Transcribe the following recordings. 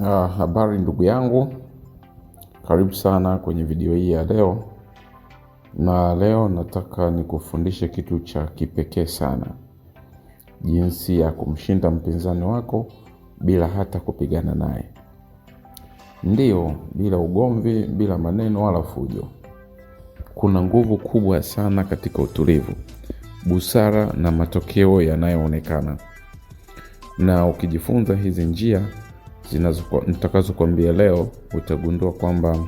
Ah, habari ndugu yangu, karibu sana kwenye video hii ya leo, na leo nataka nikufundishe kitu cha kipekee sana, jinsi ya kumshinda mpinzani wako bila hata kupigana naye. Ndiyo, bila ugomvi, bila maneno wala fujo. Kuna nguvu kubwa sana katika utulivu, busara na matokeo yanayoonekana, na ukijifunza hizi njia nitakazokuambia leo, utagundua kwamba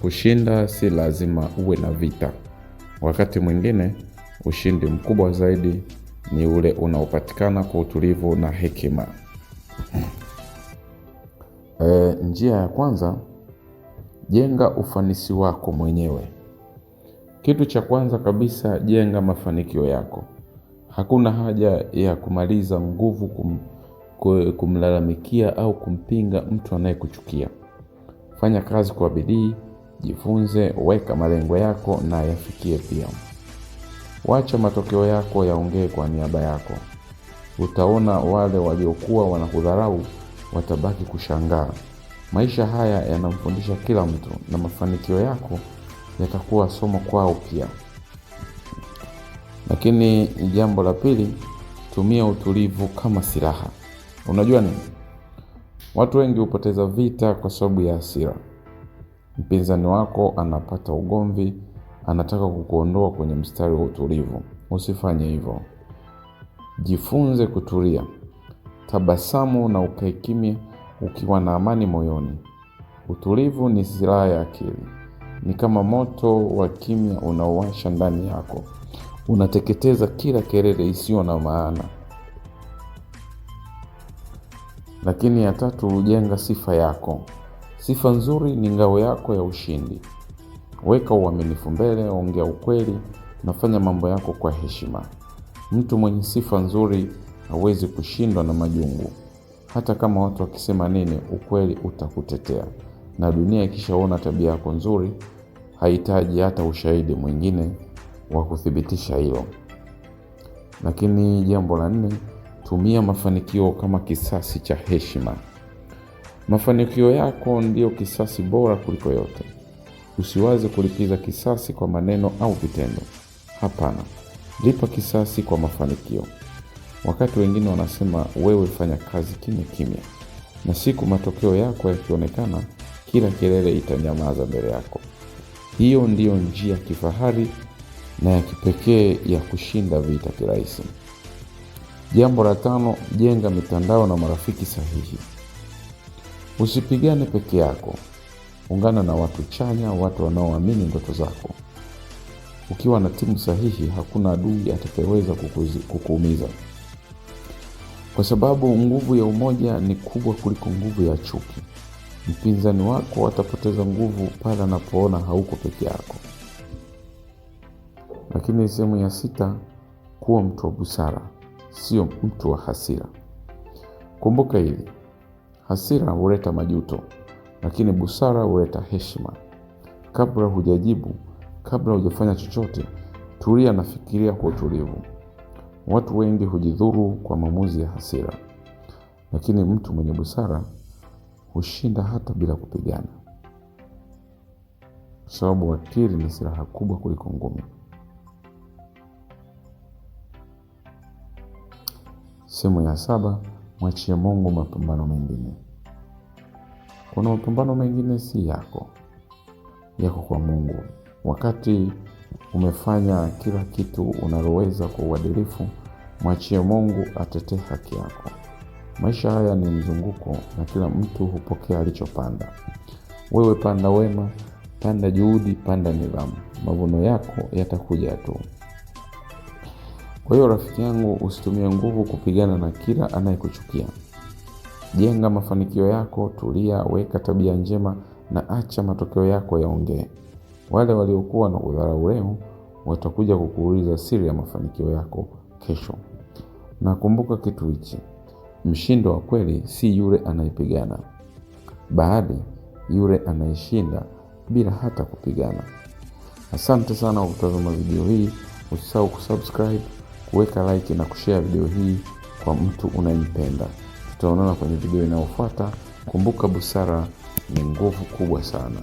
kushinda si lazima uwe na vita. Wakati mwingine ushindi mkubwa zaidi ni ule unaopatikana kwa utulivu na hekima. E, njia ya kwanza, jenga ufanisi wako mwenyewe. Kitu cha kwanza kabisa, jenga mafanikio yako. Hakuna haja ya kumaliza nguvu kum kumlalamikia au kumpinga mtu anayekuchukia. Fanya kazi kwa bidii, jifunze, weka malengo yako na yafikie pia. Wacha matokeo yako yaongee kwa niaba yako. Utaona wale waliokuwa wanakudharau watabaki kushangaa. Maisha haya yanamfundisha kila mtu na mafanikio yako yatakuwa somo kwao pia. Lakini jambo la pili, tumia utulivu kama silaha. Unajua nini, watu wengi hupoteza vita kwa sababu ya hasira. Mpinzani wako anapata ugomvi, anataka kukuondoa kwenye mstari wa utulivu. Usifanye hivyo, jifunze kutulia, tabasamu na ukae kimya ukiwa na amani moyoni. Utulivu ni silaha ya akili, ni kama moto wa kimya unaowasha ndani yako, unateketeza kila kelele isiyo na maana. Lakini ya tatu hujenga sifa yako. Sifa nzuri ni ngao yako ya ushindi. Weka uaminifu mbele, ongea ukweli na fanya mambo yako kwa heshima. Mtu mwenye sifa nzuri hawezi kushindwa na majungu. Hata kama watu wakisema nini, ukweli utakutetea, na dunia ikishaona tabia yako nzuri, hahitaji hata ushahidi mwingine wa kuthibitisha hilo. Lakini jambo la nne Tumia mafanikio kama kisasi cha heshima. Mafanikio yako ndiyo kisasi bora kuliko yote. Usiwaze kulipiza kisasi kwa maneno au vitendo. Hapana, lipa kisasi kwa mafanikio. Wakati wengine wanasema, wewe fanya kazi kimya kimya, na siku matokeo yako yakionekana, kila kelele itanyamaza mbele yako. Hiyo ndiyo njia ya kifahari na ya kipekee ya kushinda vita kirahisi. Jambo la tano, jenga mitandao na marafiki sahihi. Usipigane peke yako, ungana na watu chanya, watu wanaoamini ndoto zako. Ukiwa na timu sahihi, hakuna adui atakayeweza kukuumiza, kwa sababu nguvu ya umoja ni kubwa kuliko nguvu ya chuki. Mpinzani wako atapoteza nguvu pale anapoona hauko peke yako. Lakini sehemu ya sita, kuwa mtu wa busara sio mtu wa hasira. Kumbuka hili, hasira huleta majuto, lakini busara huleta heshima. Kabla hujajibu, kabla hujafanya chochote, tulia na fikiria kwa utulivu. Watu wengi hujidhuru kwa maamuzi ya hasira, lakini mtu mwenye busara hushinda hata bila kupigana, kwa sababu akili ni silaha kubwa kuliko ngumi. Sehemu ya saba, mwachie Mungu mapambano mengine. Kuna mapambano mengine si yako, yako kwa Mungu. Wakati umefanya kila kitu unaloweza kwa uadilifu, mwachie Mungu atetee haki yako. Maisha haya ni mzunguko, na kila mtu hupokea alichopanda. Wewe panda wema, panda juhudi, panda nidhamu. Mavuno yako yatakuja tu. Kwa hiyo rafiki yangu, usitumie nguvu kupigana na kila anayekuchukia. Jenga mafanikio yako, tulia, weka tabia njema na acha matokeo yako yaongee. Wale waliokuwa na udharau leo watakuja kukuuliza siri ya mafanikio yako kesho. Na kumbuka kitu hichi, mshindo wa kweli si yule anayepigana, bali yule anayeshinda bila hata kupigana. Asante sana kwa kutazama video hii. Usisahau kusubscribe kuweka like na kushare video hii kwa mtu unayempenda. Tutaonana kwenye video inayofuata. Kumbuka, busara ni nguvu kubwa sana.